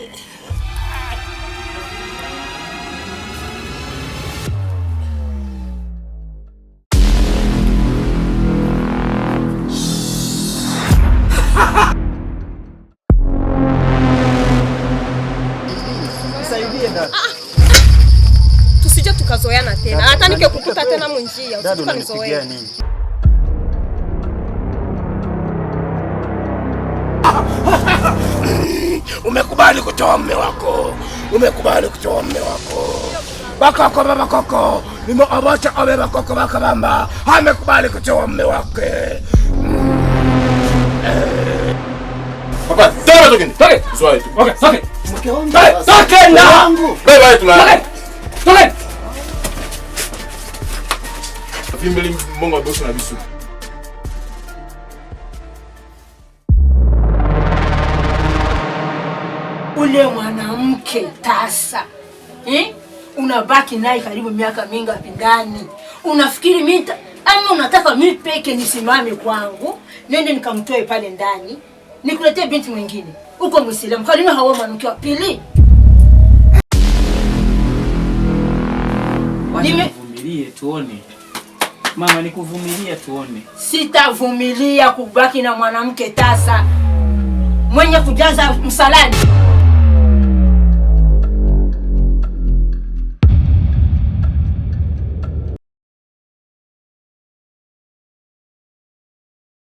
Ah, ah. Tusije tukazoeana tena, hata nikikukuta tena munjia, usitukanzoee. Umekubali kutoa mme wako, umekubali kutoa mme wako. Bakoko baba koko nimeawacha awe bakoko bakabamba, amekubali kutoa mme wake. ule mwanamke tasa eh? Unabaki naye karibu miaka mingapi ndani? Unafikiri mita ama unataka mimi peke nisimame kwangu nende nikamtoe pale ndani nikuletee binti mwingine uko Muislamu? Kwa nini hawa mwanamke wa pili? Nikuvumilie tuone mama, nikuvumilia tuone. Sitavumilia kubaki na mwanamke tasa mwenye kujaza msalani.